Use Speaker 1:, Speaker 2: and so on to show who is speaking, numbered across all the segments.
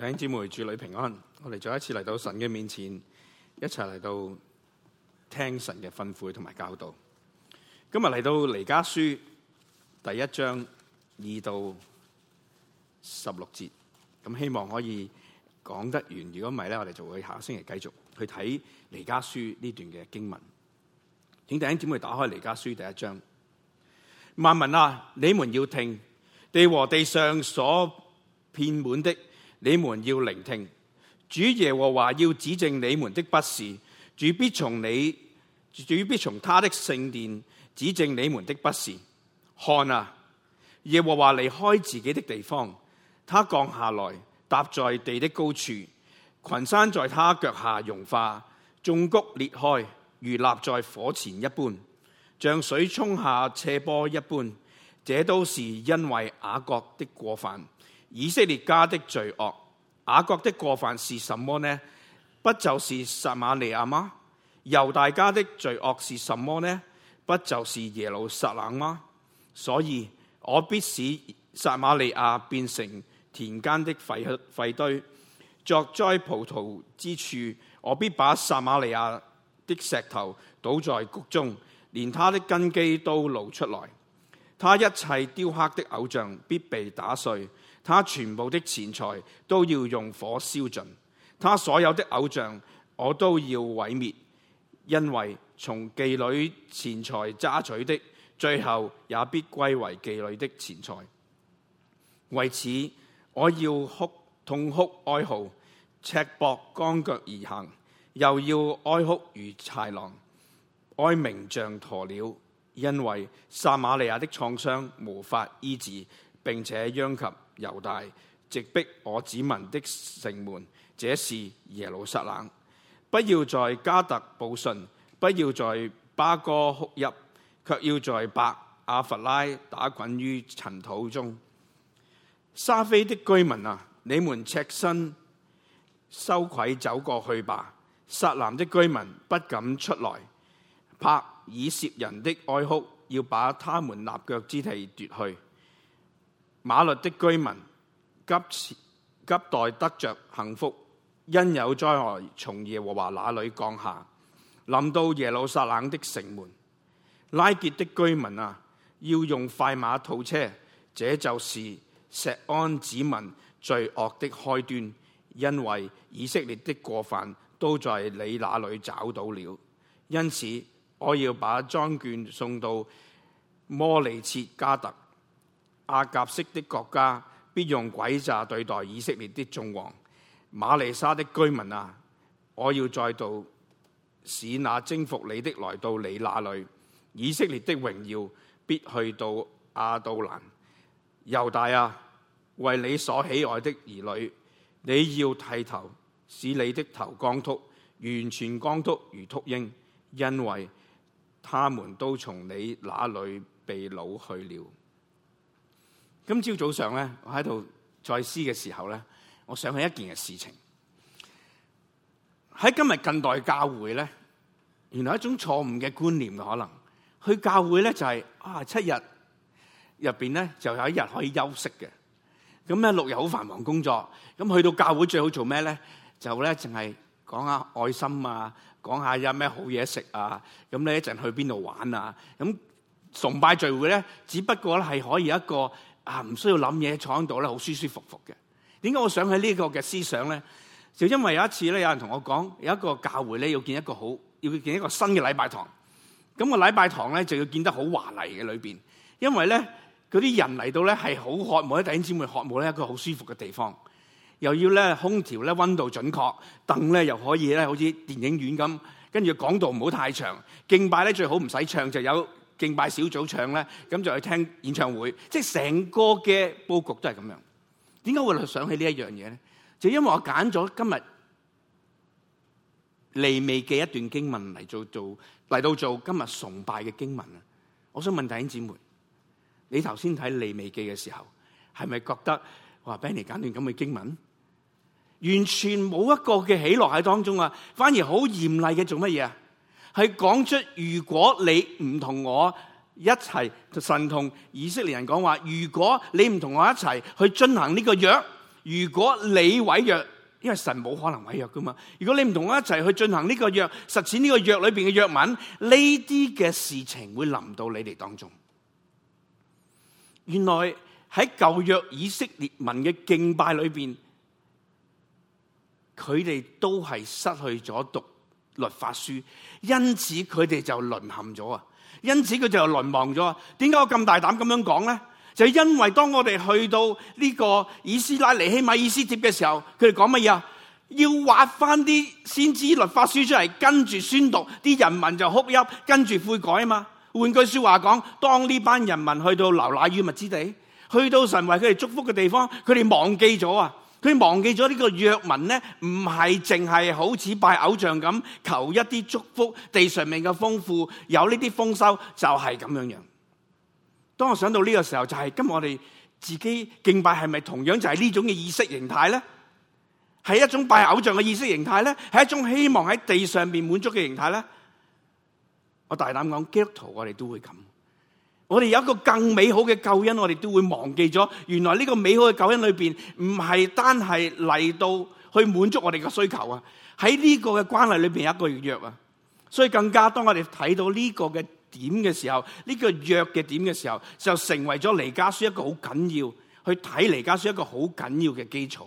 Speaker 1: 弟兄姊妹，主內平安。我哋再一次嚟到神嘅面前，一齊嚟到聽神嘅吩咐同埋教導。今日嚟到彌迦書第一章二到十六節，咁希望可以講得完。如果唔係咧，我哋就會下星期繼續去睇彌迦書呢段嘅經文。請弟兄姊妹打開彌迦書第一章。萬民啊，你們要聽地和地上所遍滿的。你們要聆聽，主耶和華要指正你們的不是，主必從你，主必從他的聖殿指正你們的不是。看啊，耶和華離開自己的地方，他降下來，踏在地的高處，群山在他腳下融化，種谷裂開，如立在火前一般，像水沖下斜坡一般。這都是因為雅各的過犯。以色列家的罪惡，雅各的過犯是什麼呢？不就是撒瑪利亞嗎？猶大家的罪惡是什麼呢？不就是耶路撒冷嗎？所以我必使撒瑪利亞變成田間的廢廢堆，作栽葡萄之處。我必把撒瑪利亞的石頭倒在谷中，連它的根基都露出來。他一切雕刻的偶像必被打碎，他全部的錢財都要用火燒盡，他所有的偶像我都要毀滅，因為從妓女錢財抓取的，最後也必歸為妓女的錢財。為此，我要哭，痛哭哀嚎，赤膊光腳而行，又要哀哭如豺狼，哀鳴像鴕鳥，鳥。因為撒瑪利亞的創傷無法醫治，並且殃及猶大，直逼我子民的城門。這是耶路撒冷，不要在加特報信，不要在巴哥哭泣，卻要在白阿弗拉打滾於塵土中。沙非的居民啊，你們赤身羞愧走過去吧。撒南的居民不敢出來，拍。以涉人的哀哭，要把他們立腳之地奪去。馬律的居民急急待得着幸福，因有災害從耶和華那裏降下，臨到耶路撒冷的城門。拉杰的居民啊，要用快馬套車，這就是錫安子民罪惡的開端，因為以色列的過犯都在你那裏找到了，因此。我要把莊卷送到摩利切加特，亞甲式的國家必用詭詐對待以色列的眾王。瑪利沙的居民啊，我要再度使那徵服你的來到你那裏。以色列的榮耀必去到亞杜蘭。猶大啊，為你所喜愛的兒女，你要剃頭，使你的頭光禿，完全光禿如禿鷹，因為。他們都從你那裏被老去了。今朝早上咧，我喺度在再思嘅時候咧，我想起一件嘅事情。喺今日近代教會咧，原來一種錯誤嘅觀念嘅可能。去教會咧就係啊七日入面咧就有一日可以休息嘅。咁咧六日好繁忙工作，咁去到教會最好做咩咧？就咧淨係講下愛心啊！講下有咩好嘢食啊！咁你一陣去邊度玩啊！咁崇拜聚會咧，只不過咧係可以一個啊，唔需要諗嘢坐喺度咧，好舒舒服服嘅。點解我想起呢個嘅思想咧？就因為有一次咧，有人同我講，有一個教會咧要建一個好，要建一個新嘅禮拜堂。咁個禮拜堂咧就要建得好華麗嘅裏邊，因為咧嗰啲人嚟到咧係好渴慕，咧弟兄姊妹渴慕咧一個好舒服嘅地方。又要咧空調咧溫度準確，凳咧又可以咧好似電影院咁，跟住講道唔好太長，敬拜咧最好唔使唱，就有敬拜小組唱咧，咁就去聽演唱會，即係成個嘅佈局都係咁樣。點解會想起呢一樣嘢咧？就因為我揀咗今日利未記嘅一段經文嚟做做嚟到做今日崇拜嘅經文啊！我想問弟兄姊妹，你頭先睇利未記嘅時候，係咪覺得話俾你揀段咁嘅經文？完全冇一個嘅喜樂喺當中啊，反而好嚴厲嘅做乜嘢啊？係講出如果你唔同我一齊，就神同以色列人講話，如果你唔同我一齊去進行呢個約，如果你毀約，因為神冇可能毀約噶嘛，如果你唔同我一齊去進行呢個約，實踐呢個約裏邊嘅約文，呢啲嘅事情會臨到你哋當中。原來喺舊約以色列文嘅敬拜裏邊。佢哋都係失去咗讀律法書，因此佢哋就淪陷咗啊！因此佢就淪亡咗。點解我咁大膽咁樣講呢？就因為當我哋去到呢個以斯拉、尼希瑪、以斯帖嘅時候，佢哋講乜嘢啊？要挖翻啲先知律法書出嚟，跟住宣讀，啲人民就哭泣，跟住悔改啊嘛。換句說話講，當呢班人民去到流奶與蜜之地，去到神為佢哋祝福嘅地方，佢哋忘記咗啊！佢忘記咗呢個約文咧，唔係淨係好似拜偶像咁求一啲祝福地上面嘅豐富，有呢啲豐收就係咁樣樣。當我想到呢個時候，就係今日我哋自己敬拜係咪同樣就係呢種嘅意識形態咧？係一種拜偶像嘅意識形態咧？係一種希望喺地上面滿足嘅形態咧？我大膽講，基督徒我哋都會咁。我哋有一個更美好嘅救恩，我哋都會忘記咗。原來呢個美好嘅救恩裏面，唔係單係嚟到去滿足我哋嘅需求啊！喺呢個嘅關係裏面，有一個約啊，所以更加當我哋睇到呢個嘅點嘅時候，呢、這個約嘅點嘅時候，就成為咗彌迦書一個好緊要，去睇彌迦書一個好緊要嘅基礎。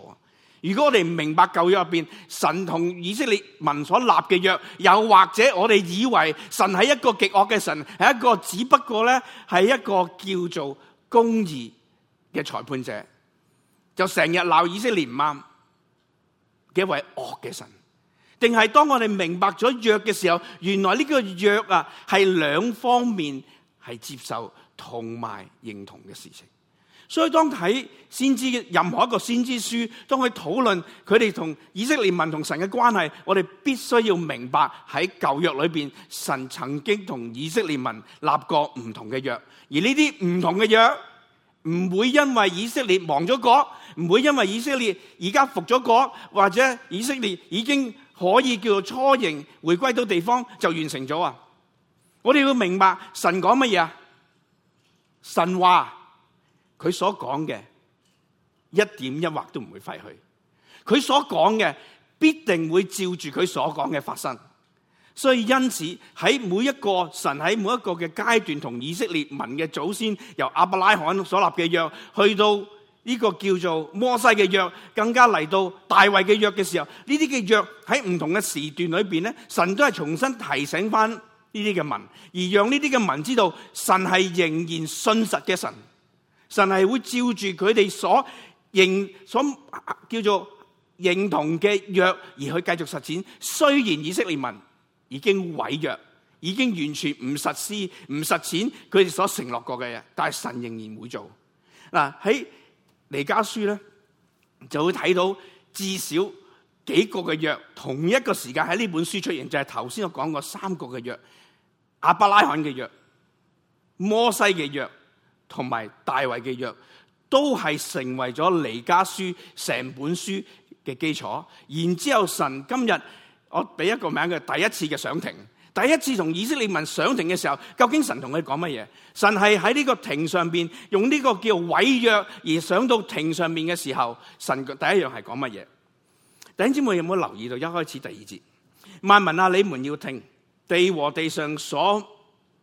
Speaker 1: 如果我哋唔明白舊約入邊神同以色列民所立嘅約，又或者我哋以為神係一個極惡嘅神，係一個只不過咧係一個叫做公義嘅裁判者，就成日鬧以色列唔啱嘅一位惡嘅神，定係當我哋明白咗約嘅時候，原來呢個約啊係兩方面係接受同埋認同嘅事情。所以當睇先知，任何一個先知書，當佢討論佢哋同以色列民同神嘅關係，我哋必須要明白喺舊約裏邊，神曾經同以色列民立過唔同嘅約，而呢啲唔同嘅約唔會因為以色列亡咗國，唔會因為以色列而家復咗國，或者以色列已經可以叫做初型回歸到地方就完成咗啊！我哋要明白神講乜嘢啊？神話。佢所講嘅一點一劃都唔會廢去，佢所講嘅必定會照住佢所講嘅發生。所以因此喺每一個神喺每一個嘅階段同以色列民嘅祖先由亞伯拉罕所立嘅約，去到呢個叫做摩西嘅約，更加嚟到大衛嘅約嘅時候，呢啲嘅約喺唔同嘅時段裏邊咧，神都係重新提醒翻呢啲嘅民，而讓呢啲嘅民知道神係仍然信實嘅神。神係會照住佢哋所認，所叫做認同嘅約而去繼續實踐。雖然以色列民已經毀約，已經完全唔實施唔實踐佢哋所承諾過嘅嘢，但係神仍然會做。嗱，喺彌迦書咧，就會睇到至少幾個嘅約同一個時間喺呢本書出現，就係頭先我講過三個嘅約，亞伯拉罕嘅約、摩西嘅約。同埋大衛嘅約，都係成為咗彌迦書成本書嘅基礎。然之後神今日我俾一個名嘅第一次嘅上庭，第一次同以色列民上庭嘅時候，究竟神同佢講乜嘢？神係喺呢個庭上邊用呢個叫毀約而上到庭上面嘅時候，神第一樣係講乜嘢？弟兄姊妹有冇留意到一開始第二節？萬民啊，你們要聽，地和地上所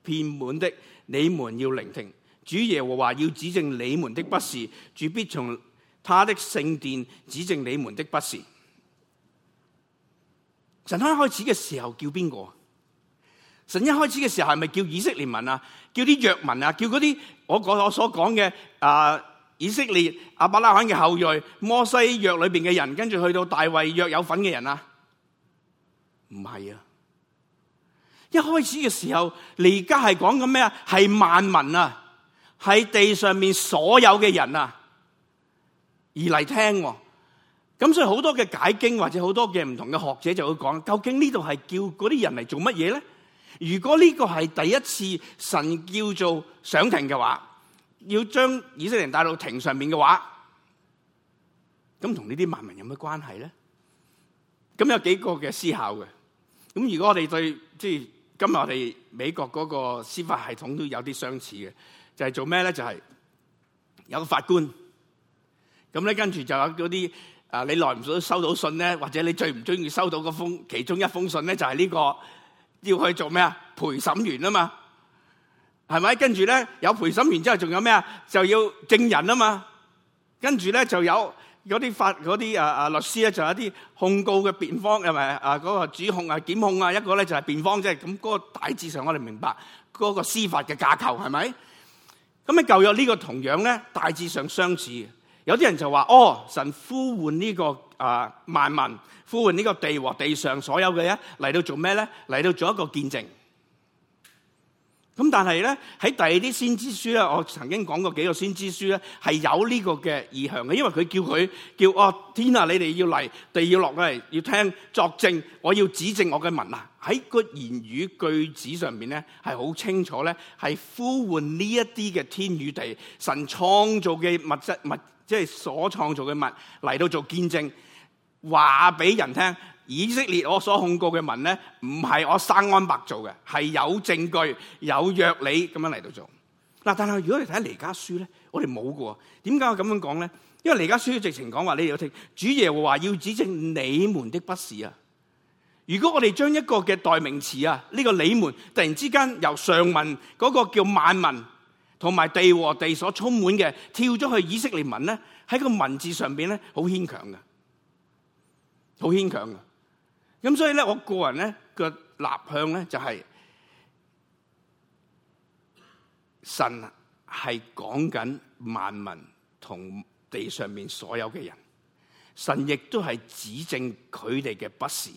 Speaker 1: 遍滿的，你們要聆聽。主耶和華要指證你們的不是，主必從他的聖殿指證你們的不是。神一開始嘅時候叫邊個？神一開始嘅時候係咪叫以色列民啊？叫啲約民啊？叫嗰啲我所講嘅啊以色列阿伯拉罕嘅後裔、摩西約裏面嘅人，跟住去到大衛約有份嘅人啊？唔係啊！一開始嘅時候，而家係講緊咩啊？係萬民啊！.喺地上面所有嘅人啊，而嚟聽、啊，咁所以好多嘅解經或者好多嘅唔同嘅學者就會講：究竟呢度係叫嗰啲人嚟做乜嘢咧？如果呢個係第一次神叫做上庭嘅話，要將以色列人帶到庭上面嘅話，咁同呢啲萬民有乜關係咧？咁有幾個嘅思考嘅。咁如果我哋對即係今日我哋美國嗰個司法系統都有啲相似嘅。就係、是、做咩咧？就係、是、有個法官咁咧，跟住就有嗰啲啊！你耐唔耐都收到信咧，或者你最唔中意收到嗰封，其中一封信咧就係呢、這個要去做咩啊？陪審員啊嘛，係咪？跟住咧有陪審員之後，仲有咩啊？就要證人啊嘛。跟住咧就有嗰啲法嗰啲啊啊律師咧，就有，那些法那些師就有一啲控告嘅辯方，係咪啊？嗰、那個指控啊，檢控啊，一個咧就係辯方，即係咁。嗰個大致上我哋明白嗰、那個司法嘅架構係咪？是咁喺舊約呢個同樣呢，大致上相似。有啲人就話：哦，神呼喚呢個啊萬民，呼喚呢個地和地上所有嘅人，嚟到做咩呢？嚟到做一個見證。咁但係咧，喺第二啲先知書咧，我曾經講過幾個先知書咧，係有呢個嘅意向嘅，因為佢叫佢叫哦天啊，你哋要嚟地要落嚟，要聽作證，我要指證我嘅文啊，喺個言語句子上面咧係好清楚咧，係呼喚呢一啲嘅天與地、神創造嘅物質物，即係所創造嘅物嚟到做見證，話俾人聽。以色列我所控告嘅民咧，唔係我生安白做嘅，係有證據有約你咁樣嚟到做。嗱，但係如果你睇彌迦書咧，我哋冇㗎。點解我咁樣講咧？因為彌迦書直情講話你哋要聽主耶和華要指正你們的不是啊。如果我哋將一個嘅代名詞啊，呢、這個你們突然之間由上文嗰個叫萬民同埋地和地所充滿嘅跳咗去以色列民咧，喺個文字上邊咧好牽強嘅，好牽強嘅。咁所以咧，我個人咧個立向咧就係、是、神係講緊萬民同地上面所有嘅人，神亦都係指正佢哋嘅不是，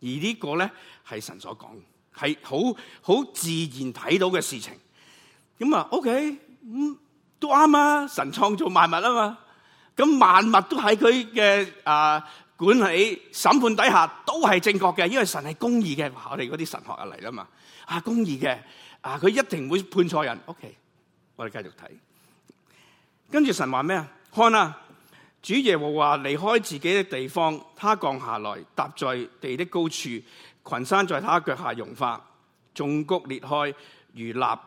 Speaker 1: 而呢個咧係神所講，係好好自然睇到嘅事情。咁啊，OK，嗯，都啱啊，神創造萬物啊嘛，咁萬物都係佢嘅啊。呃管理審判底下都係正確嘅，因為神係公義嘅。我哋嗰啲神學又嚟啦嘛，啊公義嘅，啊佢一定會判錯人。OK，我哋繼續睇。跟住神話咩啊？看啊，主耶和華離開自己的地方，他降下來，踏在地的高處，群山在他腳下融化，縱谷裂開，如蠟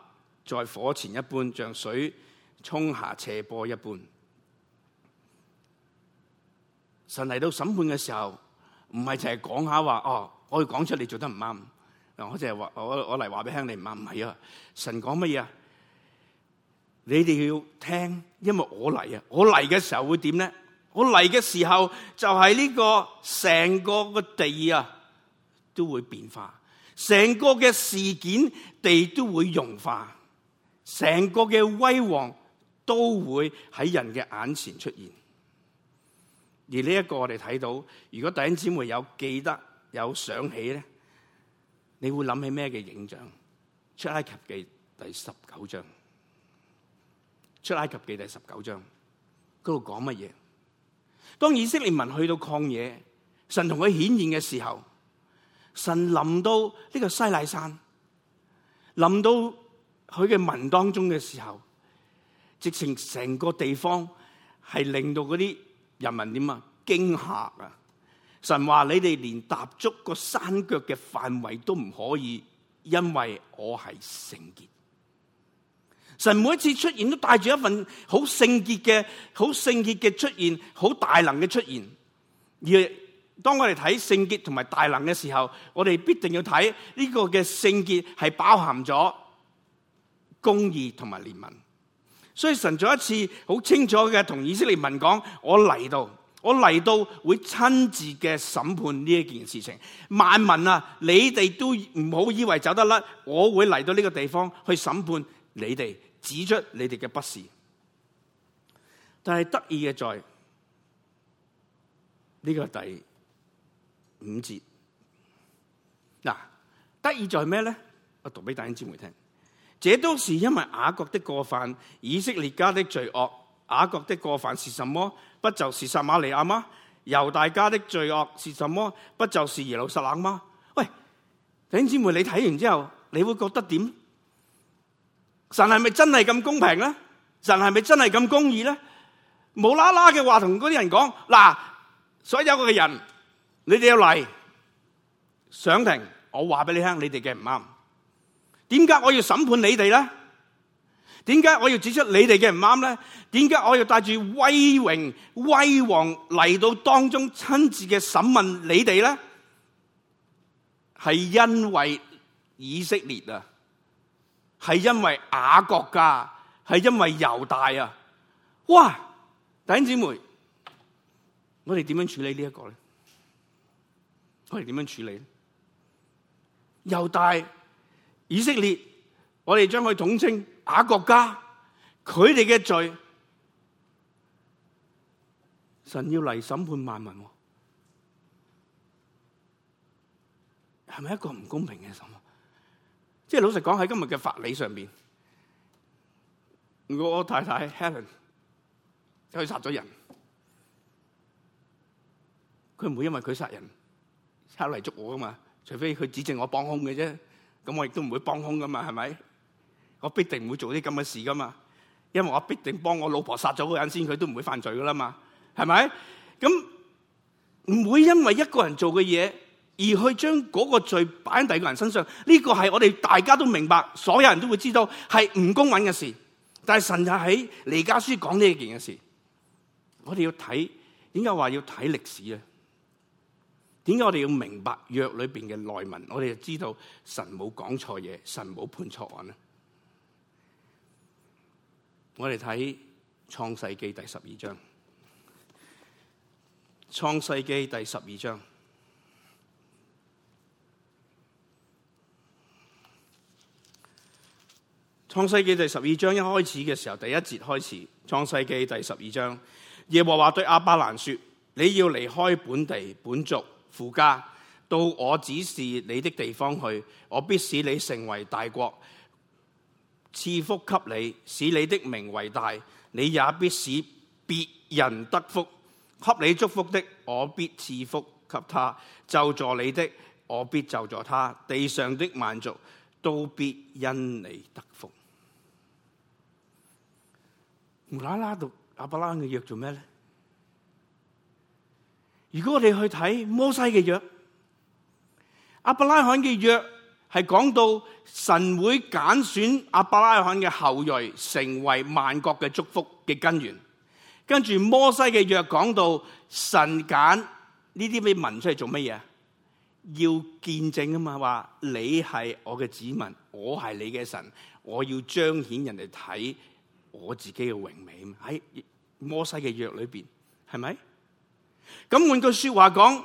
Speaker 1: 在火前一般，像水沖下斜坡一般。神嚟到審判嘅時候，唔係淨係講下話哦，我要講出嚟你做得唔啱。嗱，我淨係話，我說我嚟話俾聽你唔啱，唔係啊！神講乜嘢啊？你哋要聽，因為我嚟啊！我嚟嘅時候會點咧？我嚟嘅時候就係呢、這個成個個地啊，都會變化，成個嘅事件地都會融化，成個嘅威望都會喺人嘅眼前出現。而呢一個我哋睇到，如果弟兄姊妹有記得有想起咧，你會諗起咩嘅影像？出埃及記第十九章，出埃及記第十九章嗰度講乜嘢？當以色列民去到曠野，神同佢顯現嘅時候，神臨到呢個西奈山，臨到佢嘅民當中嘅時候，直情成個地方係令到嗰啲。人民點啊？驚嚇啊！神話你哋連踏足個山腳嘅範圍都唔可以，因為我係聖潔。神每一次出現都帶住一份好聖潔嘅、好聖潔嘅出現、好大能嘅出現。而當我哋睇聖潔同埋大能嘅時候，我哋必定要睇呢個嘅聖潔係包含咗公義同埋憐憫。所以神再一次好清楚嘅同以色列民講：我嚟到，我嚟到會親自嘅審判呢一件事情。萬民啊，你哋都唔好以為走得甩，我會嚟到呢個地方去審判你哋，指出你哋嘅不是。但係得意嘅在呢個第五節，嗱、啊，得意在咩咧？我讀俾弟兄姊妹聽。這都是因為雅各的過犯，以色列家的罪惡。雅各的過犯是什麼？不就是撒馬利亞嗎？猶大家的罪惡是什麼？不就是耶路撒冷嗎？喂，弟兄姊妹，你睇完之後，你會覺得點？神係咪真係咁公平呢？神係咪真係咁公義呢？無啦啦嘅話同嗰啲人講，嗱，所有嘅人，你哋嚟上庭，我話俾你聽，你哋嘅唔啱。點解我要審判你哋咧？點解我要指出你哋嘅唔啱咧？點解我要帶住威榮威王嚟到當中親自嘅審問你哋咧？係因為以色列啊，係因為雅各噶，係因為猶大啊！哇，弟兄姊妹，我哋點樣處理呢、這、一個咧？我哋點樣處理咧？猶大。以色列，我哋將佢統稱亞國家，佢哋嘅罪，神要嚟審判萬民，係咪一個唔公平嘅神？即係老實講喺今日嘅法理上面，我太太 Helen 去殺咗人，佢唔會因為佢殺人，差嚟捉我噶嘛？除非佢指證我幫凶嘅啫。咁我亦都唔會幫凶噶嘛，係咪？我必定唔會做啲咁嘅事噶嘛，因為我必定幫我老婆殺咗嗰人，先，佢都唔會犯罪噶啦嘛，係咪？咁唔會因為一個人做嘅嘢而去將嗰個罪擺喺第二個人身上，呢、這個係我哋大家都明白，所有人都會知道係唔公允嘅事。但係神就喺彌迦書講呢一件嘅事，我哋要睇，點解話要睇歷史咧？點解我哋要明白約裏邊嘅內文？我哋就知道神冇講錯嘢，神冇判錯案咧。我哋睇創世記第十二章。創世記第十二章，創世記第十二章一開始嘅時候，第一節開始。創世記第十二章，耶和華對阿巴蘭說：你要離開本地本族。父家，到我指示你的地方去，我必使你成為大國，賜福給你，使你的名為大，你也必使別人得福。給你祝福的，我必賜福給他；就助你的，我必就助他。地上的萬族都必因你得福。無啦啦，讀阿伯拉嘅約做咩呢？如果我哋去睇摩西嘅約，亞伯拉罕嘅約係講到神會揀選亞伯拉罕嘅後裔成為萬國嘅祝福嘅根源。跟住摩西嘅約講到神揀呢啲咩民出嚟做乜嘢？要見證啊嘛，話你係我嘅子民，我係你嘅神，我要彰顯人哋睇我自己嘅榮美。喺、哎、摩西嘅約裏邊，係咪？咁換句說話講，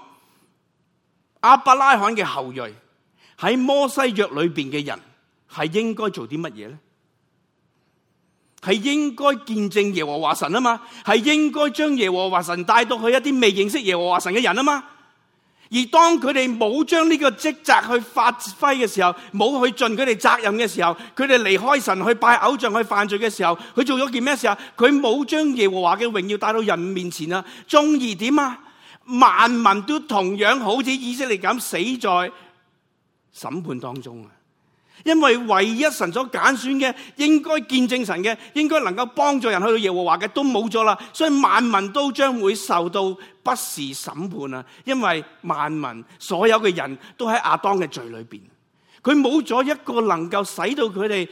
Speaker 1: 阿伯拉罕嘅後裔喺摩西約裏邊嘅人係應該做啲乜嘢咧？係應該見證耶和華神啊嘛？係應該將耶和華神帶到去一啲未認識耶和華神嘅人啊嘛？而當佢哋冇將呢個職責去發揮嘅時候，冇去盡佢哋責任嘅時候，佢哋離開神去拜偶像去犯罪嘅時候，佢做咗件咩事啊？佢冇將耶和華嘅榮耀帶到人面前啊！終於點啊？萬民都同樣好似以色列咁死在審判當中啊！因為唯一神所揀選嘅，應該見證神嘅，應該能夠幫助人去到耶和華嘅，都冇咗啦。所以萬民都將會受到不時審判啊！因為萬民所有嘅人都喺亞當嘅罪裏邊，佢冇咗一個能夠使到佢哋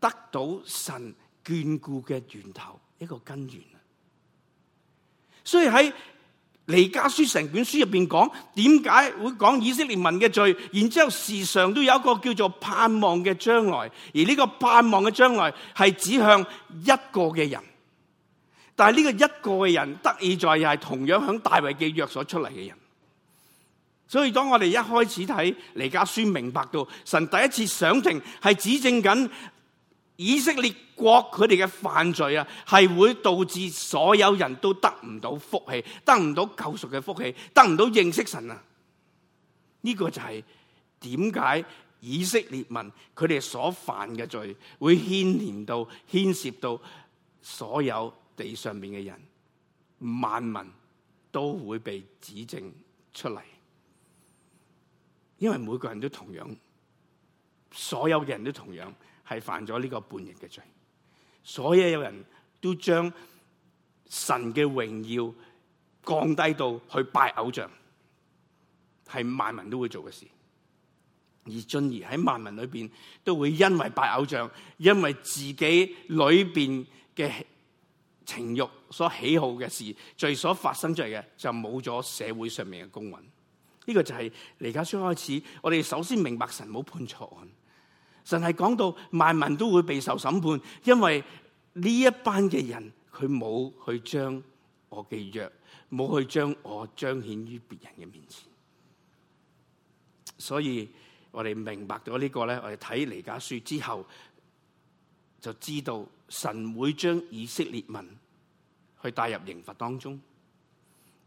Speaker 1: 得到神眷顧嘅源頭，一個根源啊！所以喺。彌迦書成本書入邊講，點解會講以色列民嘅罪？然之後時常都有一個叫做盼望嘅將來，而呢個盼望嘅將來係指向一個嘅人。但係呢個一個嘅人得意在又係同樣響大衛嘅約所出嚟嘅人。所以當我哋一開始睇彌迦書，明白到神第一次上庭係指正緊，以色列國佢哋嘅犯罪啊，係會導致所有人都得唔到福氣，得唔到救贖嘅福氣，得唔到認識神啊。呢個就係點解以色列民佢哋所犯嘅罪會牽連到，牽涉到所有地上面嘅人，萬民都會被指證出嚟，因為每個人都同樣，所有嘅人都同樣。係犯咗呢個叛逆嘅罪，所以有人都將神嘅榮耀降低到去拜偶像，係萬民都會做嘅事。而進而喺萬民裏邊都會因為拜偶像，因為自己裏邊嘅情慾所喜好嘅事，罪所發生出嚟嘅就冇咗社會上面嘅公允。呢個就係而家先開始，我哋首先明白神冇判錯案。神係講到萬民都會備受審判，因為呢一班嘅人佢冇去將我嘅約冇去將我彰顯於別人嘅面前，所以我哋明白咗呢、呢個咧，我哋睇彌迦書之後就知道神會將以色列民去帶入刑罰當中，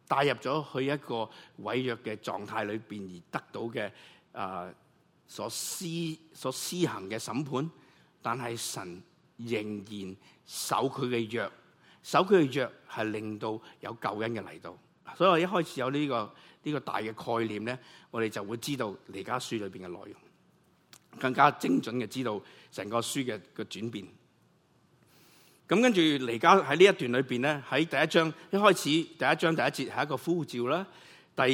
Speaker 1: 帶入咗去一個違約嘅狀態裏邊而得到嘅啊。呃所施所施行嘅審判，但係神仍然守佢嘅約，守佢嘅約係令到有救恩嘅嚟到。所以我一開始有呢個呢個大嘅概念咧，我哋就會知道彌迦書裏邊嘅內容，更加精準嘅知道成個書嘅嘅轉變。咁跟住彌迦喺呢一段裏邊咧，喺第一章一開始第一章第一節係一個呼召啦，第二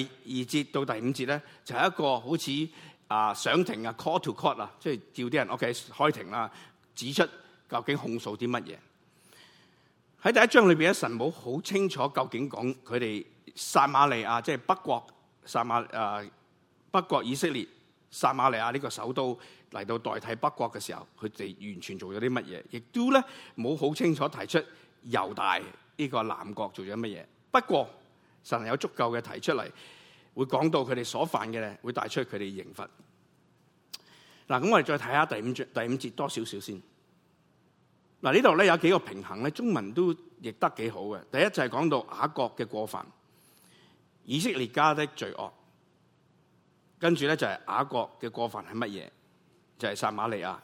Speaker 1: 節到第五節咧就係一個好似。啊，上庭啊 call to court 啊，即係叫啲人，OK，開庭啦，指出究竟控訴啲乜嘢？喺第一章裏邊，神冇好清楚究竟講佢哋撒瑪利亞，即係北國撒瑪，誒北國以色列撒瑪利亞呢個首都嚟到代替北國嘅時候，佢哋完全做咗啲乜嘢？亦都咧冇好清楚提出猶大呢個南國做咗乜嘢。不過神有足夠嘅提出嚟。會講到佢哋所犯嘅咧，會帶出佢哋刑罰。嗱，咁我哋再睇下第五章第五節多少少先。嗱，呢度咧有幾個平衡咧，中文都譯得幾好嘅。第一就係講到雅各嘅過犯，以色列家的罪惡，跟住咧就係雅各嘅過犯係乜嘢？就係、是、撒瑪利亞。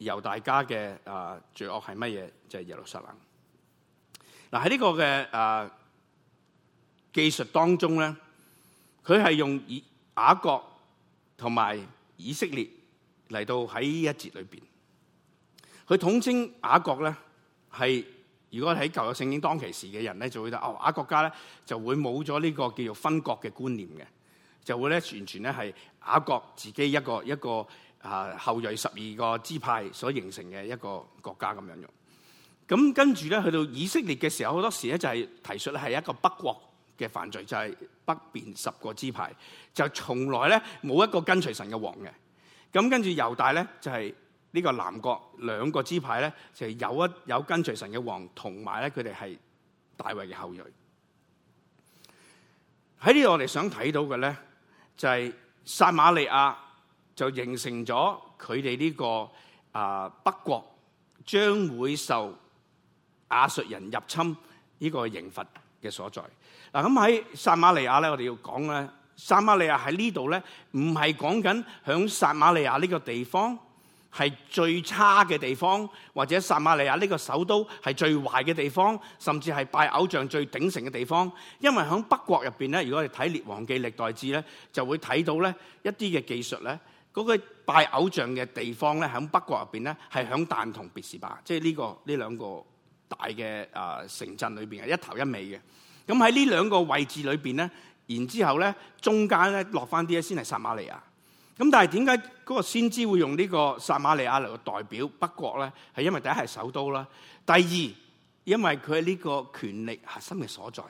Speaker 1: 猶大家嘅啊、呃、罪惡係乜嘢？就係、是、耶路撒冷。嗱，喺呢個嘅啊、呃、技術當中咧。佢係用以雅各同埋以色列嚟到喺呢一節裏邊，佢統稱雅各咧係如果喺舊約聖經當其時嘅人咧就會覺得：「哦，雅各家咧就會冇咗呢個叫做分國嘅觀念嘅，就會咧完全咧係雅各自己一個一個啊後裔十二個支派所形成嘅一個國家咁樣用。咁跟住咧去到以色列嘅時候，好多時咧就係提出咧係一個北國。嘅犯罪就係、是、北邊十個支派就從來咧冇一個跟隨神嘅王嘅，咁跟住猶大咧就係、是、呢個南國兩個支派咧就係、是、有一有跟隨神嘅王，同埋咧佢哋係大衛嘅後裔。喺呢度我哋想睇到嘅咧就係、是、撒瑪利亞就形成咗佢哋呢個啊北國將會受亞述人入侵呢個刑罰嘅所在。嗱咁喺撒瑪利亞咧，我哋要講咧，撒瑪利亞喺呢度咧，唔係講緊喺撒瑪利亞呢個地方係最差嘅地方，或者撒瑪利亞呢個首都係最壞嘅地方，甚至係拜偶像最鼎盛嘅地方。因為喺北國入邊咧，如果你睇《列王記》歷代志咧，就會睇到咧一啲嘅技術咧，嗰、那個拜偶像嘅地方咧，喺北國入邊咧係喺但同別是巴。即係呢個呢兩個大嘅啊城鎮裏邊係一頭一尾嘅。咁喺呢兩個位置裏邊咧，然之後咧，中間咧落翻啲咧先係撒瑪利亞。咁但係點解嗰個先知會用呢個撒瑪利亞嚟代表北國咧？係因為第一係首都啦，第二因為佢係呢個權力核心嘅所在。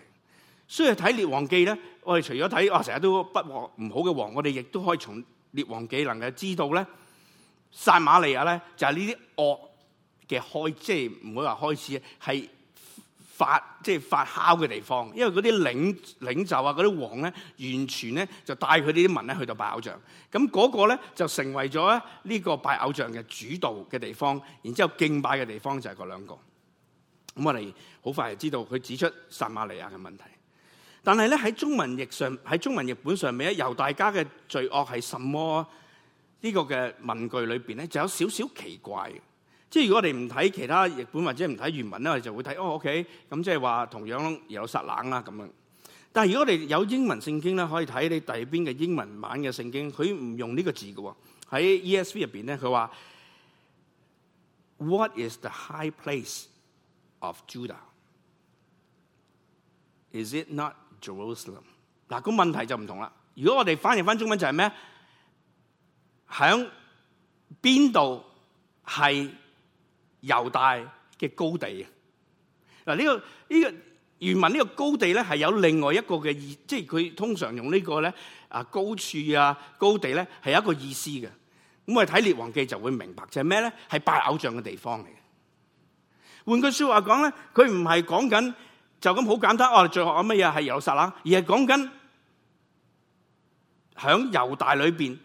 Speaker 1: 所以睇列王記咧，我哋除咗睇啊成日都不王唔好嘅王，我哋亦都可以從列王記能夠知道咧，撒瑪利亞咧就係呢啲惡嘅開，即係唔會話開始係。是發即係、就是、發酵嘅地方，因為嗰啲領領袖啊、嗰啲王咧，完全咧就帶佢哋啲民咧去到拜偶像，咁、那、嗰個咧就成為咗呢個拜偶像嘅主導嘅地方，然之後敬拜嘅地方就係嗰兩個。咁我哋好快就知道佢指出撒瑪利亞嘅問題，但係咧喺中文譯上喺中文譯本上面咧，由大家嘅罪惡係什麼，呢、這個嘅問句裏邊咧，就有少少奇怪。即係如果我哋唔睇其他譯本或者唔睇原文咧，我哋就會睇哦 OK 咁即係話同樣有耶路撒冷啦咁樣。但係如果我哋有英文聖經咧，可以睇你第二邊嘅英文版嘅聖經，佢唔用呢個字嘅喎。喺 ESV 入邊咧，佢話 What is the high place of Judah? Is it not Jerusalem？嗱個問題就唔同啦。如果我哋翻譯翻中文就係咩？喺邊度係？猶大嘅高地啊！嗱、這、呢個呢、這個原文呢個高地咧，係有另外一個嘅意，即係佢通常用呢個咧啊高處啊高地咧，係一個意思嘅。咁我哋睇《列王記》就會明白就是什麼呢，就係咩咧？係拜偶像嘅地方嚟嘅。換句話說話講咧，佢唔係講緊就咁好簡單，我哋最學乜嘢係猶殺啦，而係講緊響猶大裏邊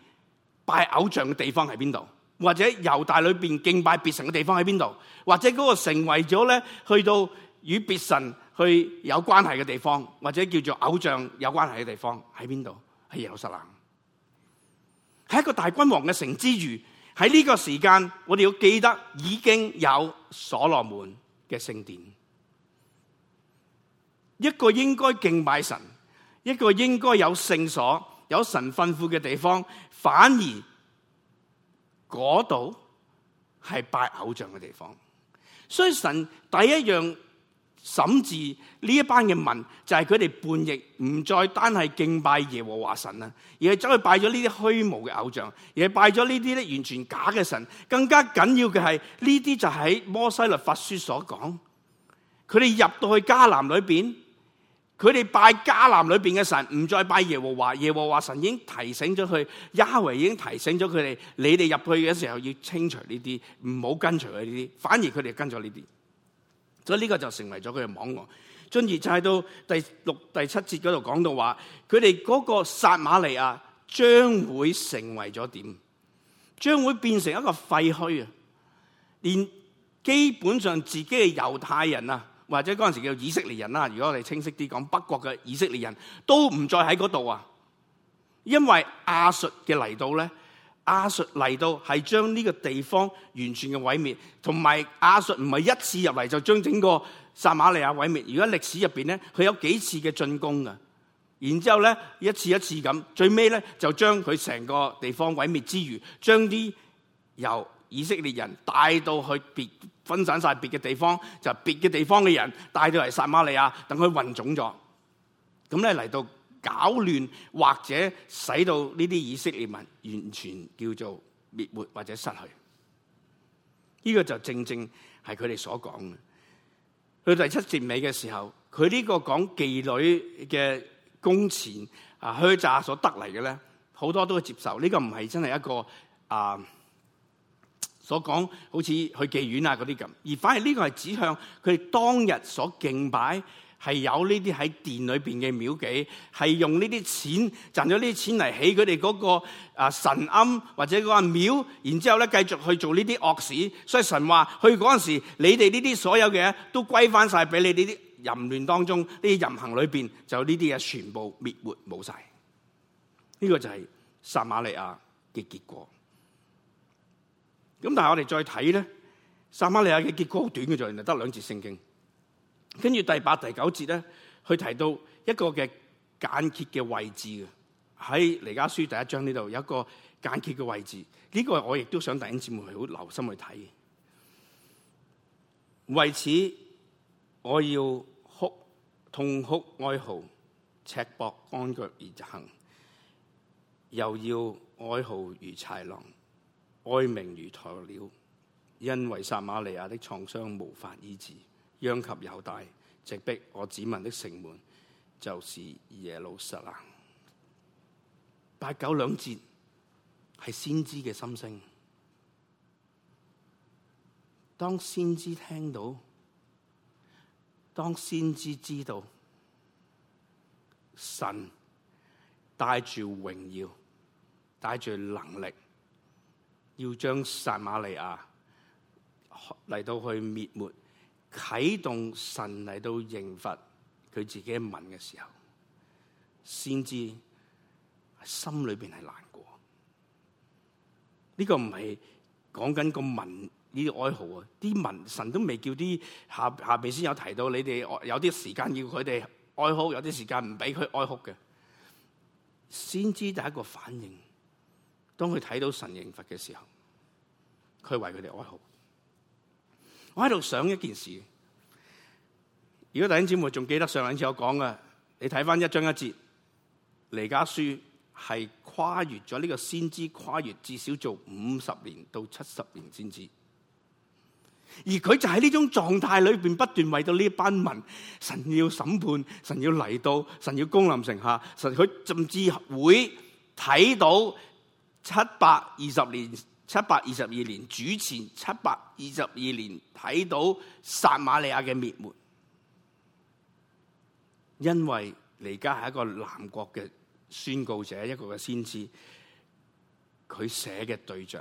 Speaker 1: 拜偶像嘅地方喺邊度？或者猶大裏邊敬拜別神嘅地方喺邊度？或者嗰個成為咗呢，去到與別神去有關係嘅地方，或者叫做偶像有關係嘅地方喺邊度？喺耶路撒冷，喺一個大君王嘅城之餘，喺呢個時間我哋要記得已經有所羅門嘅聖殿，一個應該敬拜神，一個應該有聖所、有神吩咐嘅地方，反而。嗰度係拜偶像嘅地方，所以神第一樣審治呢一班嘅民，就係佢哋叛逆，唔再單係敬拜耶和華神啦，而係走去拜咗呢啲虛無嘅偶像，而係拜咗呢啲咧完全假嘅神。更加緊要嘅係呢啲就喺摩西律法書所講，佢哋入到去迦南裏邊。佢哋拜迦南裏邊嘅神，唔再拜耶和華。耶和華神已經提醒咗佢，亞維已經提醒咗佢哋，你哋入去嘅時候要清除呢啲，唔好跟隨佢呢啲，反而佢哋跟咗呢啲。所以呢個就成為咗佢嘅網羅。進而就係到第六、第七節嗰度講到話，佢哋嗰個撒瑪利亞將會成為咗點？將會變成一個廢墟啊！連基本上自己嘅猶太人啊。或者嗰陣時叫以色列人啦，如果我哋清晰啲講，北國嘅以色列人都唔再喺嗰度啊，因為亞述嘅嚟到咧，亞述嚟到係將呢個地方完全嘅毀滅，同埋亞述唔係一次入嚟就將整個撒瑪利亞毀滅。如果歷史入邊咧，佢有幾次嘅進攻啊。然之後咧一次一次咁，最尾咧就將佢成個地方毀滅之餘，將啲由以色列人帶到去別。分散晒別嘅地方，就別、係、嘅地方嘅人帶到嚟撒瑪利亞，等佢混種咗。咁咧嚟到搞亂，或者使到呢啲以色列民完全叫做滅活，或者失去。呢、呢個就正正係佢哋所講嘅。去第七節尾嘅時候，佢呢個講妓女嘅工錢啊，虛詐所得嚟嘅咧，好多都會接受。呢、呢個唔係真係一個啊。所講好似去妓院啊嗰啲咁，而反而呢個係指向佢哋當日所敬拜係有呢啲喺殿裏面嘅廟妓，係用呢啲錢賺咗呢啲錢嚟起佢哋嗰個啊神庵或者嗰個廟，然之後咧繼續去做呢啲惡事。所以神話去嗰陣時，你哋呢啲所有嘅都歸翻晒俾你哋啲淫亂當中、呢啲淫行裏面，就呢啲嘢全部滅活冇晒。呢、這個就係撒馬利亞嘅結果。咁但係我哋再睇咧，撒瑪利亞嘅結果好短嘅就，原來得兩節聖經。跟住第八、第九節咧，佢提到一個嘅簡潔嘅位置嘅，喺彌迦書第一章呢度有一個簡潔嘅位置。呢、這個我亦都想弟兄姊妹好留心去睇。為此，我要哭，痛哭哀嚎、赤膊光腳而行，又要哀嚎、如豺狼。哀鳴如鴕鳥，因為撒瑪利亞的創傷無法醫治，殃及猶大，直逼我子民的城門，就是耶路撒冷。八九兩節係先知嘅心聲，當先知聽到，當先知知道，神帶住榮耀，帶住能力。要將撒瑪利亞嚟到去滅沒，啟動神嚟到刑罰佢自己嘅民嘅時候，先知心裏邊係難過。呢、這個唔係講緊個民呢啲哀嚎啊，啲民神都未叫啲下下邊先有提到，你哋有啲時間要佢哋哀哭，有啲時間唔俾佢哀哭嘅，先知第一個反應。當佢睇到神刑罰嘅時候，佢為佢哋哀號。我喺度想一件事，如果弟兄姊妹仲記得上兩次我講嘅，你睇返一章一節，彌迦書係跨越咗呢個先知，跨越至少做五十年到七十年先知，而佢就喺呢種狀態裏邊不斷為到呢班民，神要審判，神要嚟到，神要攻臨城下，神佢甚至會睇到。七百二十年，七百二十二年主前七百二十二年，睇到撒瑪利亞嘅滅沒，因為彌迦係一個南國嘅宣告者，一個嘅先知，佢寫嘅對象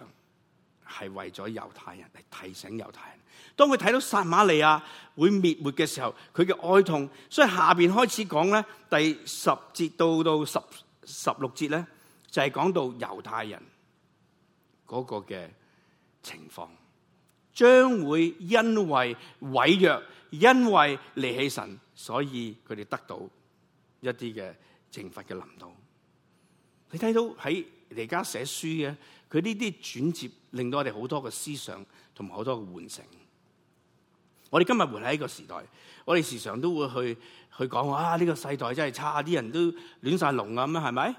Speaker 1: 係為咗猶太人嚟，提醒猶太人。當佢睇到撒瑪利亞會滅沒嘅時候，佢嘅哀痛，所以下邊開始講咧第十節到到十十六節咧。就係、是、講到猶太人嗰個嘅情況，將會因為毀約，因為離棄神，所以佢哋得到一啲嘅懲罰嘅臨到。你睇到喺而家寫書嘅，佢呢啲轉折令到我哋好多嘅思想同埋好多嘅喚醒。我哋今日活喺一個時代，我哋時常都會去去講啊，呢、這個世代真係差，啲人都亂晒龍啊，咁啊，係咪？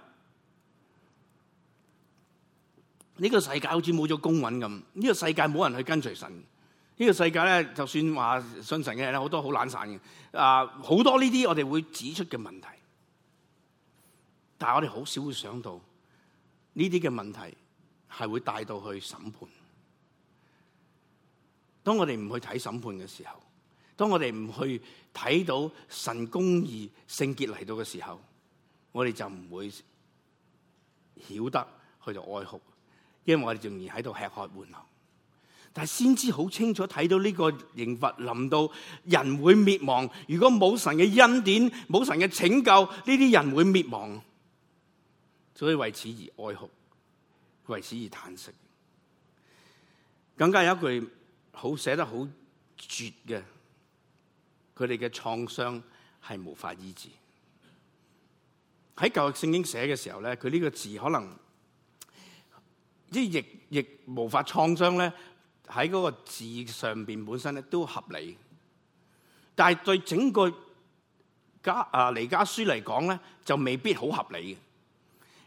Speaker 1: 呢、這個世界好似冇咗公允咁，呢、這個世界冇人去跟隨神，呢、這個世界咧就算話信神嘅人咧好多好懶散嘅，啊、呃、好多呢啲我哋會指出嘅問題，但係我哋好少會想到呢啲嘅問題係會帶到去審判。當我哋唔去睇審判嘅時候，當我哋唔去睇到神公義聖潔嚟到嘅時候，我哋就唔會曉得去到哀哭。因為我哋仍然喺度吃喝玩樂，但係先知好清楚睇到呢個刑罰臨到人會滅亡。如果冇神嘅恩典，冇神嘅拯救，呢啲人會滅亡，所以為此而哀哭，為此而嘆息。更加有一句好寫得好絕嘅，佢哋嘅創傷係無法醫治。喺舊約聖經寫嘅時候呢，佢呢個字可能。即亦亦無法創傷咧，喺嗰個字上邊本身咧都合理，但係對整個加啊彌迦書嚟講咧就未必好合理嘅，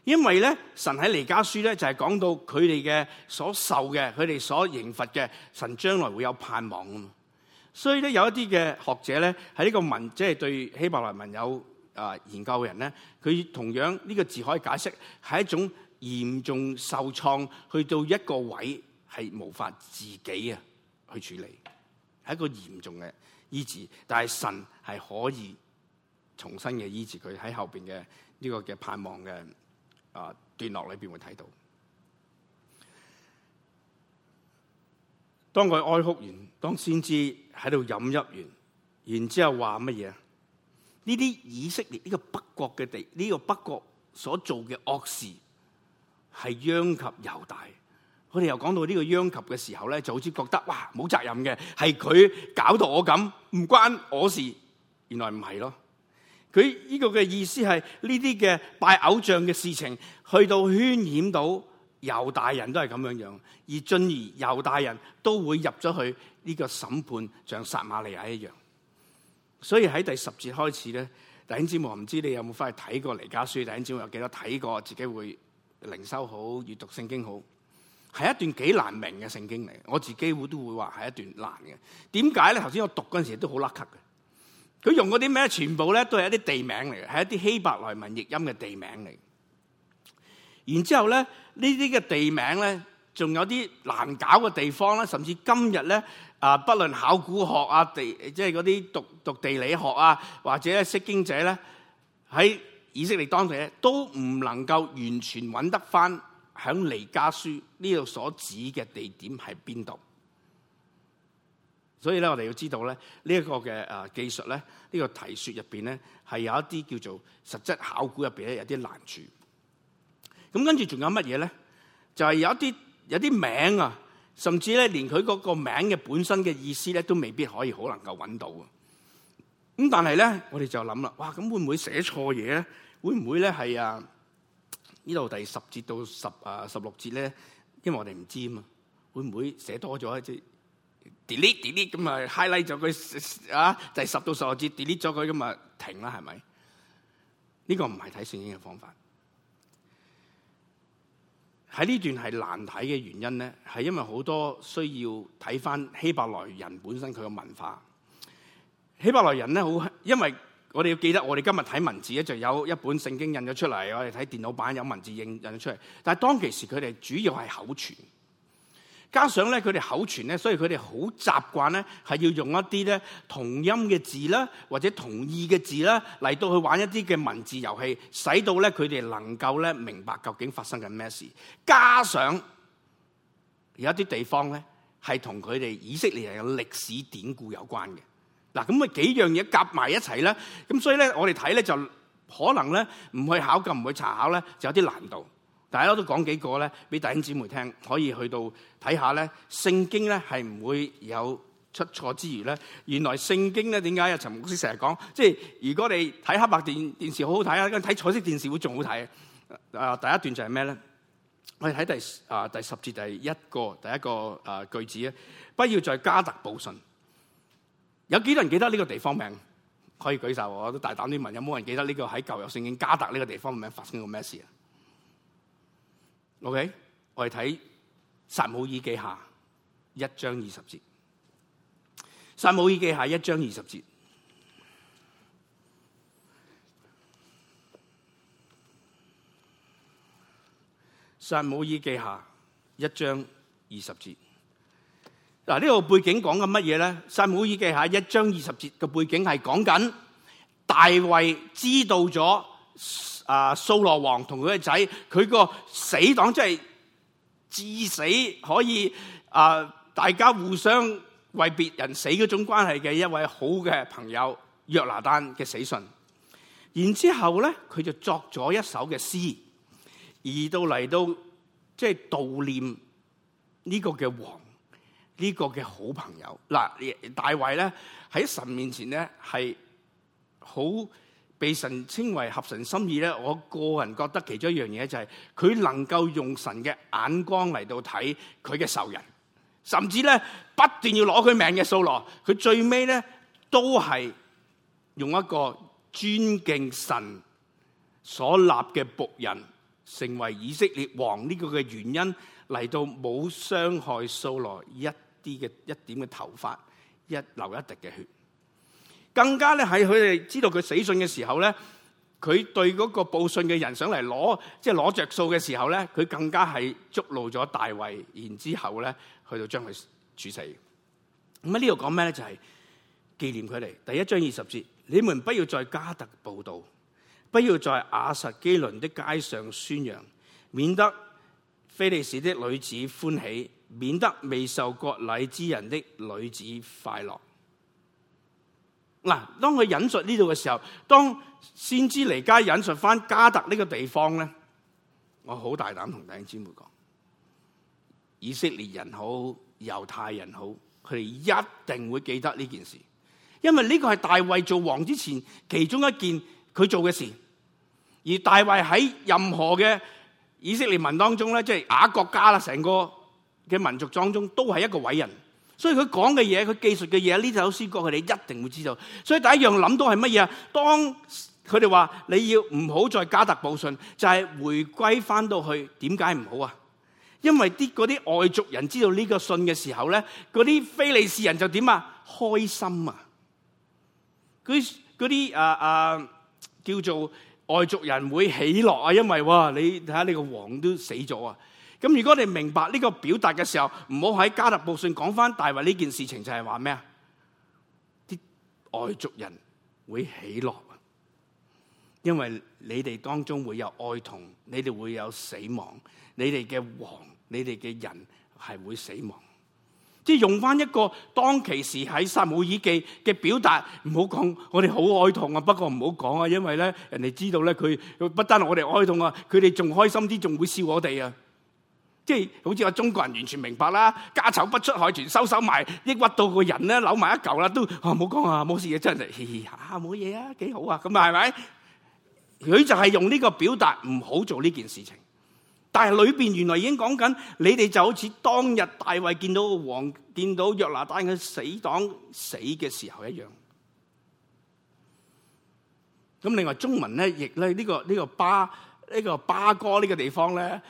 Speaker 1: 因為咧神喺彌迦書咧就係講到佢哋嘅所受嘅佢哋所刑罰嘅神將來會有盼望啊嘛，所以咧有一啲嘅學者咧喺呢個文即係、就是、對希伯來文有啊研究嘅人咧，佢同樣呢、呢個字可以解釋係一種。嚴重受創，去到一個位係無法自己啊，去處理係一個嚴重嘅醫治。但係神係可以重新嘅醫治佢，喺後邊嘅呢個嘅盼望嘅啊段落裏邊會睇到。當佢哀哭完，當先知喺度飲泣完，然之後話乜嘢？呢啲以色列呢個北國嘅地，呢個北國所做嘅惡事。係殃及猶大，佢哋又講到呢個殃及嘅時候咧，就好似覺得哇冇責任嘅，係佢搞到我咁，唔關我事。原來唔係咯，佢呢個嘅意思係呢啲嘅拜偶像嘅事情，去到渲染到猶大人都係咁樣樣，而進而猶大人都會入咗去呢個審判，像撒瑪利亞一樣。所以喺第十節開始咧，弟兄姊妹唔知你有冇翻去睇過《彌迦書》，弟兄姊妹有幾多睇過，自己會。靈修好，閱讀聖經好，係一段幾難明嘅聖經嚟。我自己會都會話係一段難嘅。點解咧？頭先我讀嗰陣時都好甩咳嘅。佢用嗰啲咩？全部咧都係一啲地名嚟嘅，係一啲希伯來文譯音嘅地名嚟。然之後咧，呢啲嘅地名咧，仲有啲難搞嘅地方咧，甚至今日咧啊，不論考古學啊，地即係嗰啲讀讀地理學啊，或者識經者咧喺。以色列當時咧都唔能夠完全揾得返響彌迦書呢度所指嘅地點係邊度？所以咧，我哋要知道咧呢一個嘅啊技術咧，呢個題説入邊咧係有一啲叫做實質考古入邊咧有啲難處。咁跟住仲有乜嘢咧？就係、是、有一啲有啲名啊，甚至咧連佢嗰個名嘅本身嘅意思咧都未必可以好能夠揾到啊！咁但係咧，我哋就諗啦，哇！咁會唔會寫錯嘢咧？會唔會咧係啊？呢度第十節到十啊十六節咧，因為我哋唔知啊嘛，會唔會寫多咗一節？delete delete 咁啊 highlight 咗佢啊，就係，十到十六節 delete 咗佢咁啊停啦，係咪？呢、呢個唔係睇聖經嘅方法。喺呢段係難睇嘅原因咧，係因為好多需要睇翻希伯來人本身佢嘅文化。希伯來人咧好，因為我哋要記得，我哋今日睇文字咧，就有一本聖經印咗出嚟。我哋睇電腦版有文字印印咗出嚟，但係當其時佢哋主要係口傳，加上咧佢哋口傳咧，所以佢哋好習慣咧係要用一啲咧同音嘅字啦，或者同義嘅字啦嚟到去玩一啲嘅文字遊戲，使到咧佢哋能夠咧明白究竟發生緊咩事。加上有一啲地方咧係同佢哋以色列人嘅歷史典故有關嘅。嗱，咁咪幾樣嘢夾埋一齊咧，咁所以咧，我哋睇咧就可能咧唔去考究，唔去查考咧就有啲難度。大家都講幾個咧，俾弟兄姊妹聽，可以去到睇下咧，聖經咧係唔會有出錯之餘咧。原來聖經咧點解啊？陳牧師成日講，即係如果你睇黑白電電視好好睇啦，跟睇彩色電視會仲好睇。啊、呃，第一段就係咩咧？我哋睇第啊、呃、第十節第一個第一個、呃、句子，不要在迦特報信。.有幾多人記得呢個地方名？可以舉手，我都大膽啲問：有冇人記得呢個喺舊約聖經迦特呢個地方的名發生過咩事啊？OK，我哋睇撒母耳記下一章二十節。撒母耳記下一章二十節。撒母耳記下一章二十節。嗱，呢個背景講緊乜嘢咧？《撒母耳記下》一章二十節嘅背景係講緊大衛知道咗啊，掃羅王同佢嘅仔，佢個死黨即係致死可以啊，大家互相為別人死嗰種關係嘅一位好嘅朋友約拿單嘅死訊。然之後咧，佢就作咗一首嘅詩，而到嚟到即係、就是、悼念呢個嘅王。呢、這個嘅好朋友，嗱，大衛咧喺神面前咧係好被神稱為合神心意咧。我個人覺得其中一樣嘢就係、是、佢能夠用神嘅眼光嚟到睇佢嘅仇人，甚至咧不斷要攞佢命嘅掃羅，佢最尾咧都係用一個尊敬神所立嘅僕人成為以色列王呢、這個嘅原因嚟到冇傷害掃羅一。啲嘅一點嘅頭髮，一流一滴嘅血，更加咧喺佢哋知道佢死訊嘅時候咧，佢對嗰個報信嘅人上嚟攞，即係攞着數嘅時候咧，佢更加係觸怒咗大衛，然之後咧去到將佢處死。咁、嗯、喺呢度講咩咧？就係、是、紀念佢哋。第一章二十節，你們不要在迦特報道，不要在亞實基倫的街上宣揚，免得非利士的女子歡喜。免得未受割禮之人的女子快樂。嗱，當佢引述呢度嘅時候，當先知彌迦引述返加特呢個地方咧，我好大膽同弟兄姊妹講：以色列人好，猶太人好，佢哋一定會記得呢件事，因為呢個係大衛做王之前其中一件佢做嘅事。而大衛喺任何嘅以色列民當中咧，即係雅各家啦，成個。嘅民族當中都係一個偉人，所以佢講嘅嘢，佢記述嘅嘢，呢首詩歌佢哋一定會知道。所以第一樣諗到係乜嘢啊？當佢哋話你要唔好再加特報信，就係、是、回歸翻到去點解唔好啊？因為啲嗰啲外族人知道呢個信嘅時候咧，嗰啲非利士人就點啊開心啊！佢嗰啲啊啊叫做外族人會喜樂啊，因為哇，你睇下你，你個王都死咗啊！咁如果你明白呢個表達嘅時候，唔好喺迦特報信講翻大衛呢件事情，就係話咩啊？啲外族人會喜樂啊，因為你哋當中會有哀痛，你哋會有死亡，你哋嘅王，你哋嘅人係會死亡。即係用翻一個當其時喺撒母耳記嘅表達，唔好講我哋好哀痛啊，不過唔好講啊，因為咧人哋知道咧佢，不單我哋哀痛啊，佢哋仲開心啲，仲會笑我哋啊。即係好似個中國人完全明白啦，家醜不出海，全收收埋，抑鬱到個人咧，扭埋一嚿啦，都啊冇講啊冇事嘢，真係啊冇嘢啊，幾好啊，咁啊係咪？佢就係用呢個表達，唔好做呢件事情。但係裏邊原來已經講緊，你哋就好似當日大衛見到王，見到約拿單嘅死黨死嘅時候一樣。咁另外中文咧，亦咧呢個呢個巴。呢個巴哥呢個地方咧，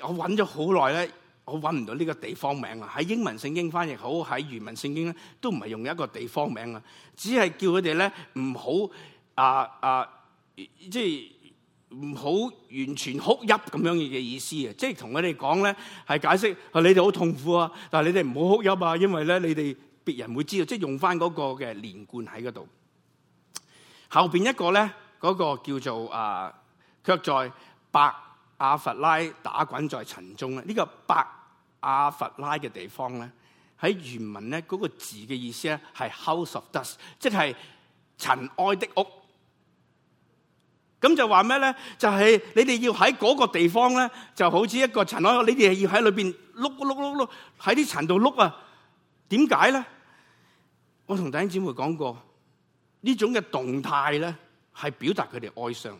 Speaker 1: 我揾咗好耐咧，我揾唔到呢個地方名啊！喺英文聖經翻譯好，喺粵文聖經咧都唔係用一個地方名啊，只係叫佢哋咧唔好啊啊，即係唔好完全哭泣咁樣嘅意思啊！即係同佢哋講咧，係解釋係你哋好痛苦啊，但係你哋唔好哭泣啊，因為咧你哋別人會知道，即係用返嗰個嘅連貫喺嗰度。後邊一個咧，嗰個叫做啊。卻在白阿弗拉打滾在塵中咧，呢個白阿弗拉嘅地方咧，喺原文咧嗰個字嘅意思咧係 house of dust，即係塵埃的屋。咁就話咩咧？就係你哋要喺嗰個地方咧，就好似一個塵埃，你哋要喺裏邊碌碌碌碌喺啲塵度碌啊！點解咧？我同弟兄姊妹講過，呢種嘅動態咧係表達佢哋哀傷。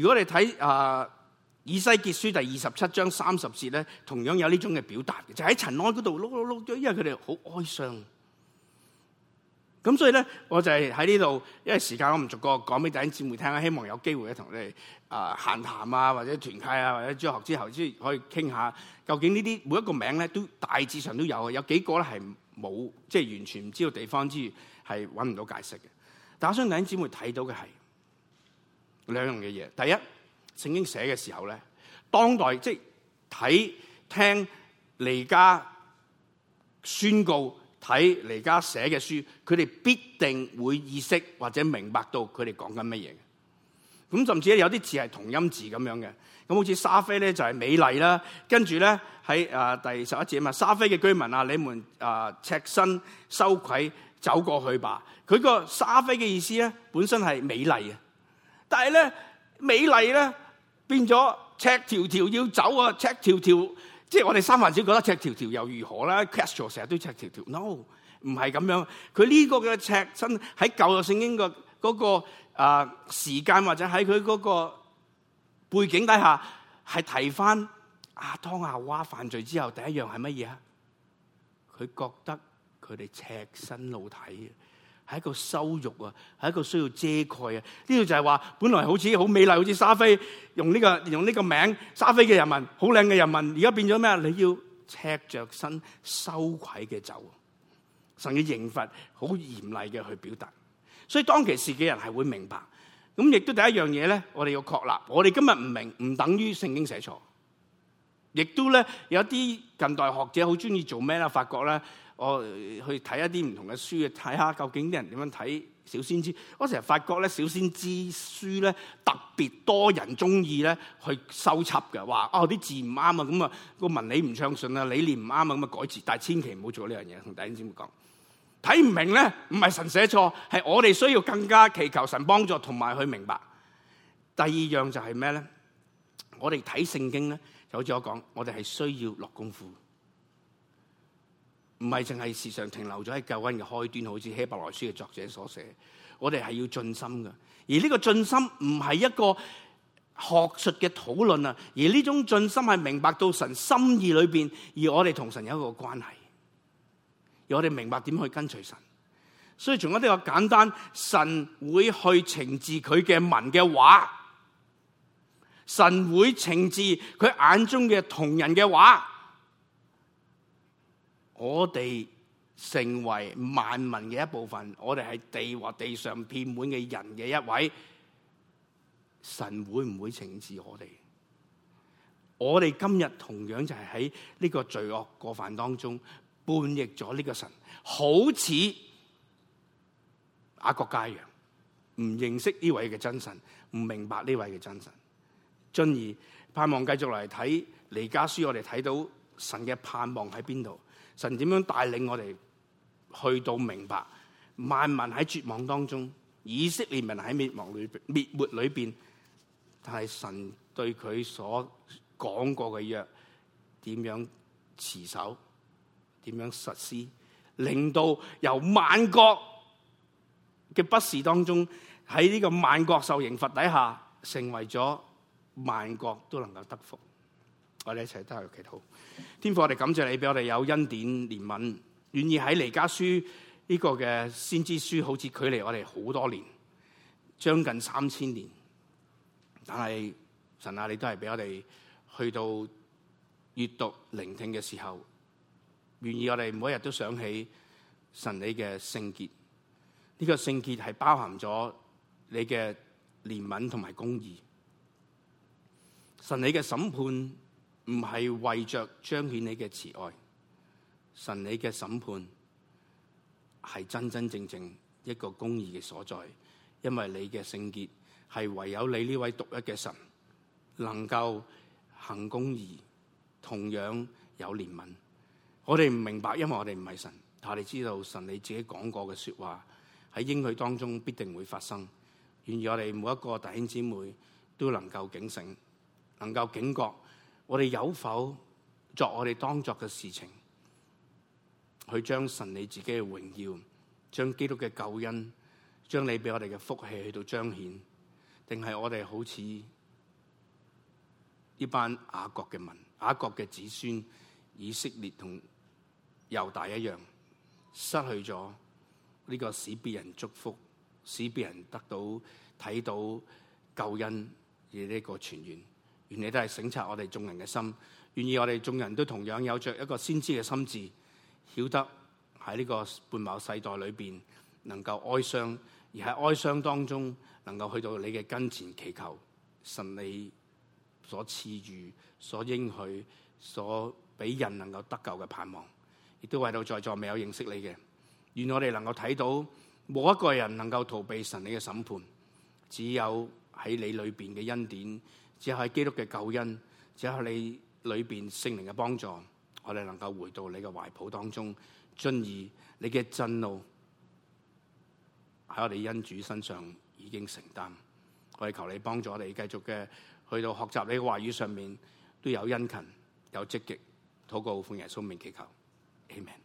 Speaker 1: 如果你睇《啊、呃、以西結書》第二十七章三十節咧，同樣有呢種嘅表達嘅，就喺塵埃嗰度碌碌碌，咗，因為佢哋好哀傷。咁所以咧，我就係喺呢度，因為時間我唔逐個講俾弟兄姊妹聽啦。希望有機會咧同你哋啊、呃、閒談啊，或者團契啊，或者主學之後先可以傾下，究竟呢啲每一個名咧都大致上都有，有幾個咧係冇，即、就、係、是、完全唔知道地方之餘係揾唔到解釋嘅。但我想弟兄姊妹睇到嘅係。兩樣嘅嘢，第一聖經寫嘅時候咧，當代即係睇、就是、聽彌迦宣告，睇彌迦寫嘅書，佢哋必定會意識或者明白到佢哋講緊乜嘢。咁甚至咧有啲字係同音字咁樣嘅，咁好似沙斐咧就係美麗啦。跟住咧喺啊第十一節嘛，沙斐嘅居民啊，你們啊赤身羞愧走過去吧。佢個沙斐嘅意思咧，本身係美麗嘅。但係咧，美麗咧變咗赤條條要走啊！赤條條，即係我哋三環子覺得赤條條又如何啦？Catch 成日都赤條條，no，唔係咁樣。佢呢個嘅赤身喺舊約聖經嘅嗰個啊時間或者喺佢嗰個背景底下，係提翻亞當阿娃犯罪之後第一樣係乜嘢啊？佢覺得佢哋赤身露體。係一個羞辱啊，係一個需要遮蓋啊！呢度就係話，本來好似好美麗，好似沙斐，用呢、這個用呢個名沙斐嘅人民，好靚嘅人民，而家變咗咩啊？你要赤着身羞愧嘅走，神嘅刑罰好嚴厲嘅去表達。所以當其時嘅人係會明白。咁亦都第一樣嘢咧，我哋要確立，我哋今日唔明唔等於聖經寫錯。亦都咧有一啲近代學者好中意做咩咧？發覺咧。我去睇一啲唔同嘅書嘅，睇下究竟啲人點樣睇《小先知》。我成日發覺咧，《小先知》書咧特別多人中意咧去修輯嘅，話哦啲字唔啱啊，咁啊個文理唔暢順啊，理念唔啱啊，咁啊改字。但係千祈唔好做呢樣嘢，同弟兄姊妹講。睇唔明咧，唔係神寫錯，係我哋需要更加祈求神幫助，同埋去明白。第二樣就係咩咧？我哋睇聖經咧，就好似我講，我哋係需要落功夫。唔係淨係時常停留咗喺救恩嘅開端，好似希伯來書嘅作者所寫，我哋係要盡心嘅。而呢個盡心唔係一個學術嘅討論啊，而呢種盡心係明白到神心意裏邊，而我哋同神有一個關係，而我哋明白點去跟隨神。所以從一呢個簡單，神會去懲治佢嘅文嘅話，神會懲治佢眼中嘅同人嘅話。我哋成為萬民嘅一部分，我哋係地或地上遍滿嘅人嘅一位，神會唔會懲治我哋？我哋今日同樣就係喺呢個罪惡過犯當中叛逆咗呢個神，好似阿國家一樣，唔認識呢位嘅真神，唔明白呢位嘅真神，進而盼望繼續嚟睇彌迦書，我哋睇到神嘅盼望喺邊度。神點樣帶領我哋去到明白？萬民喺絕望當中，以色列人喺滅亡裏、滅沒裏邊，但係神對佢所講過嘅約，點樣持守？點樣實施？令到由萬國嘅不義當中，喺呢個萬國受刑罰底下，成為咗萬國都能夠得福。我哋一齊都係祈禱。天父，我哋感謝你俾我哋有恩典憐憫，願意喺彌迦書呢、這個嘅先知書，好似距離我哋好多年，將近三千年，但係神啊，你都係俾我哋去到閱讀聆聽嘅時候，願意我哋每日都想起神你嘅聖潔，呢、這個聖潔係包含咗你嘅憐憫同埋公義，神你嘅審判。唔係為着彰顯你嘅慈愛，神你嘅審判係真真正正一個公義嘅所在，因為你嘅聖潔係唯有你呢位獨一嘅神能夠行公義，同樣有憐憫。我哋唔明白，因為我哋唔係神，但係我哋知道神你自己講過嘅說話喺應許當中必定會發生，願我哋每一個弟兄姊妹都能夠警醒，能夠警覺。我哋有否作我哋當作嘅事情，去將神你自己嘅榮耀、將基督嘅救恩、將你俾我哋嘅福氣去到彰顯？定係我哋好似呢班雅各嘅民、雅各嘅子孫、以色列同猶大一樣，失去咗呢個使別人祝福、使別人得到睇到救恩嘅呢個傳言？願你都係省察我哋眾人嘅心，願意我哋眾人都同樣有着一個先知嘅心智，曉得喺呢個悖謬世代裏邊，能夠哀傷，而喺哀傷當中，能夠去到你嘅跟前祈求神你所賜予、所應許、所俾人能夠得救嘅盼望，亦都為到在座未有認識你嘅，願我哋能夠睇到冇一個人能夠逃避神你嘅審判，只有喺你裏邊嘅恩典。只係基督嘅救恩，只係你裏面聖靈嘅幫助，我哋能夠回到你嘅懷抱當中，遵義你嘅震怒喺我哋恩主身上已經承擔。我哋求你幫助我哋繼續嘅去到學習你嘅話語上面都有殷勤，有積極禱告，奉耶穌名祈求，amen